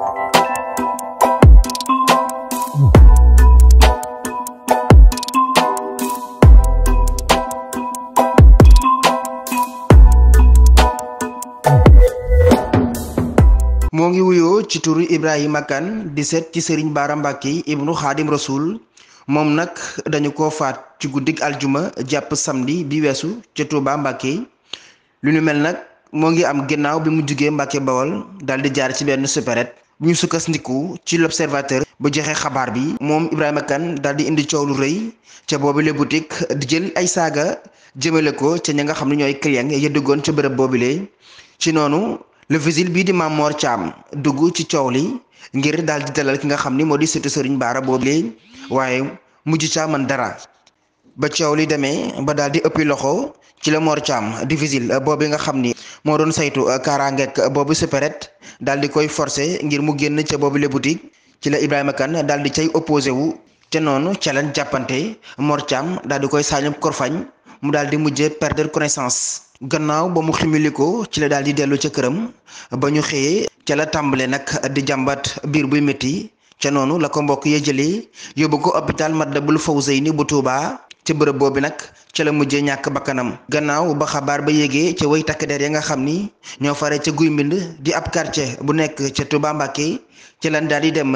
moo ngi wuyoo ci turu Ibrahima Kane di seet ci sëriñ Bara Mbacke ibnu Xaadim Rasul moom nag dañu ko faat ci guddig aljuma jàpp samedi bi weesu ca Touba Mbacke lu ñu mel nag moo ngi am ginnaaw bi mu jugee Mbacke Bawol dal jaar ci benn supérette bu ñu sukkandiku ci l'observateur ba joxe xabaar bi moom Ibrahima Kane daal di indi coow lu rëy ca boobule boutique di jël ay saaga jëmale ko ca ña nga xam ne ñooy client ya duggoon ca bërëb boobule ci noonu le bii di Mame Mor Thiam dugg ci coow li ngir daal di dalal ki nga xam ni moo di sëtu Sëriñ Baara boobule waaye mujj caa man dara ba coow li demee ba daal ëppi loxo. ci la Mor Thiam difficile euh, boobu nga xam ni moo doon saytu euh, kaaraangeek euh, boobu supérette dal di koy forcé ngir mu génn ca boobu la boutique ci la Ibrahima Kane daal di cay opposé wu te noonu ca leen jàppante Mor Thiam daal di koy saañob korfañ mu daal di mujjee perdre connaissance gannaaw ba mu ximiliko ci la daal di dellu ca këram ba ñu xëyee ca la tàmbale nag di jàmbat biir buy métti ca noonu la ko mbokk yee jëlee yóbbu ko hôpital Matlaboul Fawzeyni bu Touba ci bërëb boobu nag ca la mujjee ñàkk bakkanam gannaaw ba xabaar ba yégee ca way takk der ya nga xam ni ñoo fare ca guy mbind di ab quartier bu nekk ca Touba Mbacké ci lan daal di dem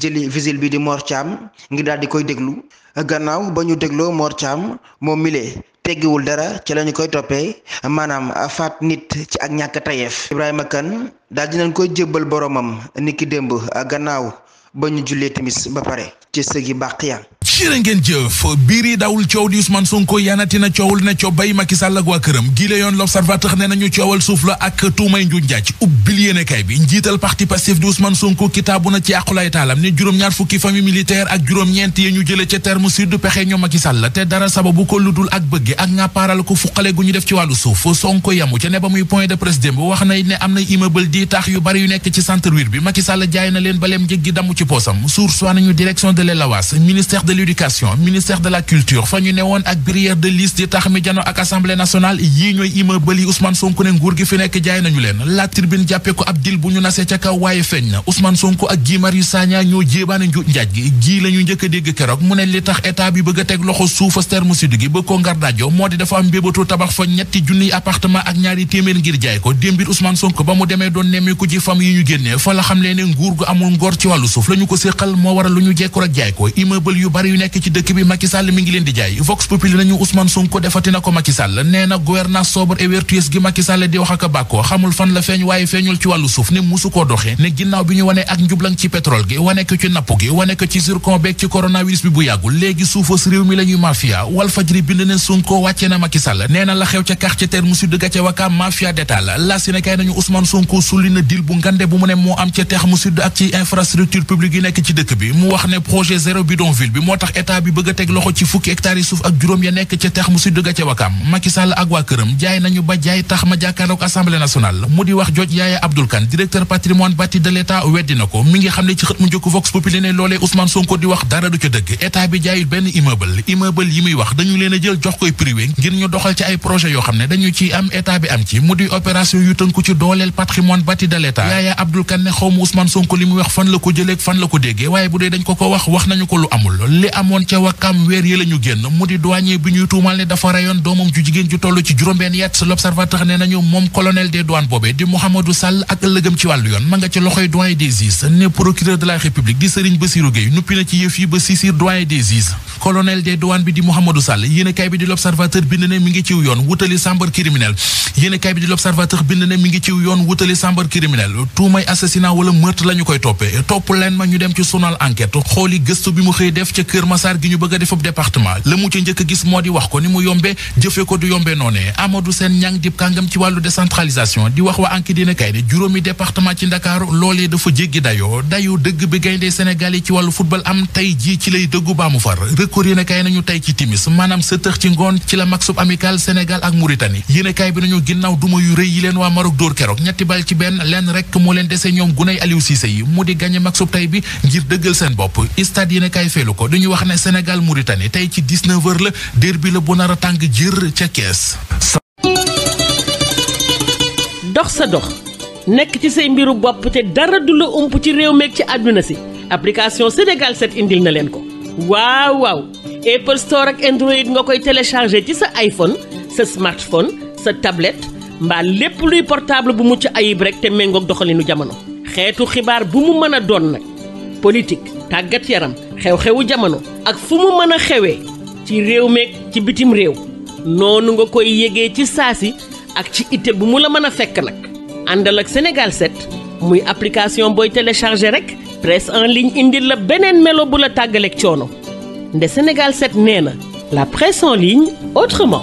jëli vigile bi di Mor Thiam ngir daal di koy déglu gannaaw ba ñu dégloo Mor Thiam moom milee teggiwul dara ci la ñu koy toppee maanaam faat nit ci ak ñàkk tayeef Ibrahima kan daal dinañ koy jébbal boromam niki démb gannaaw ba ñu jullee timis ba pare ci sëgi bàq ya jërë ngeen jëf biir yi dawul coow di Ousmane Sonko yanati na coowul ne coow bay Macky Sall ak waa këram gile l'observateur ne nañu coowal suuf la ak tuumay nju njaaj ubbil yéenekaay bi njiital parti Pastef di Ousmane Sonko kitaabu na ci àqulaay taalam ne juróom-ñaar fukki famille militaire ak juróom-ñeent yi ñu jële ca terme sud pexe ñoo Macky la te dara sababu ko lu dul ak bëgge ak ngàppaaral ko fuqale gu ñu def ci wàllu suuf Sonko yamu ca ne ba muy wax na ne na immeuble yu bari yu nekk ci centre-ville bi Macky jaay na leen baleem njëg gi damu ci poosam source nañu direction de l'Elawas l'éducation ministère de la culture fa ñu ne woon ak barrière de liste di tax mi jano ak assemblée nationale yii ñooy immeuble yi Ousmane Sonko ne nguur gi fi nekk jaay nañu leen la tribune jàppee ko ab dil bu ñu nasee ca kaw waaye feeñ na Ousmane Sonko ak Guy Marius Sagna ñoo jéebaane njaaj gi gii la ñu a dégg keroog mu ne li tax état bi bëgg a teg loxo suufa terme gi bëgg ko ngar dajjo moo di dafa am mbébatu tabax fa ñetti junniy appartement ak ñaari téeméer yu nekk ci dëkk bi Macky mi ngi leen di jaay Vox Populi nañu Ousmane Sonko ko Macky ko ci napp la ñuy mafia Walfadjri ca quartier Terme Sud ga Wakaam mafia d'état la la Sénégal nañu Ousmane sulli na dil bu ngande bu mu ne moo am ca Terme Sud ak ci infrastructure publique yi nekk ci dëkk bi mu wax ne projet zéro bidonville bi tax état bi bëgg a teg loxo ci fukki hectares suuf ak juróom ya nekk ca tex mu sud ga ca wakaam Macky ak waa këram jaay nañu ba jaay tax ma jàkkaarloog assemblée nationale mu di wax jooj Yaya Abdoul Kane directeur patrimoine bâti de l'état weddi na ko mi ngi xam ne ci xët mu njëkk Vox Populi ne loolee Ousmane Sonko di wax dara du ca dëgg état bi jaayul benn immeuble immeuble yi muy wax dañu leen a jël jox koy privé ngir ñu doxal ci ay projet yoo xam ne dañu ciy am état bi am ci mu di opération yu tënku ci dooleel li muy wax fan la ko jëlee fan la ko déggee waaye bu wax wax nañu ko lu amoon ca wakkaam weer yi la ñu génn mu di douanier bi ñuy tuumal ne dafa reyoon doomam ju jigéen ju toll ci juróom-benn yet l'observateur ne nañu moom colonel des douanes boobee di Mouhamadou Sall ak ëllëgëm ci wàllu yoon ma ci loxoy doyen des juges ne procureur de la république di Serigne Bassirou Gueye nuppi na ci yëf yi ba sisir doyen des juges colonel des douanes bi di Mouhamadou Sall yéenekaay bi di l'observateur bind ne mi ngi ciw yoon wutali chambre dem ci sonal enquête Kër Massar gi ñu bëgg a defub département la mu ca njëkk a gis moo di wax ko ni mu yombee jëfee ko du yombee noonee Amadou Sène ci a ngoon ci la maxub amical Sénégal ak Mauritanie yéen bi nañu ginnaaw duma yu rëy yi leen waa Maroc dóor keroog ñetti bal ci benn leen rek moo leen dese ñoom gunay Aliou Cissé yi mu di gagné maxub tey bi ngir dëggal seen bopp stade yéen feelu ko wax ne Sénégal Mauritanie tey ci 19h la derby la bu nar a tàng jër ca kees. dox sa dox nekk ci say mbiru bopp te dara du la ump ci réew meeg ci àdduna si application Sénégal set indil na leen ko waaw waaw Apple Store ak Android nga koy téléchargé ci sa iPhone sa smartphone sa tablette mbaa lépp luy portable bu mucc ayib rek te méngoog doxalinu jamono xeetu xibaar bu mu mën doon nag politique. tàggat yaram xew-xewu jamono ak fu mu mën a xewee ci réew meeg ci bitim réew noonu nga koy yégee ci saasi ak ci itte bu mu la mën a fekk nag àndal ak Sénégal set muy application booy téléchargé rek presse en ligne indil la beneen melo bu la tàggaleek coono nde Sénégal 7 nee na la presse en ligne autrement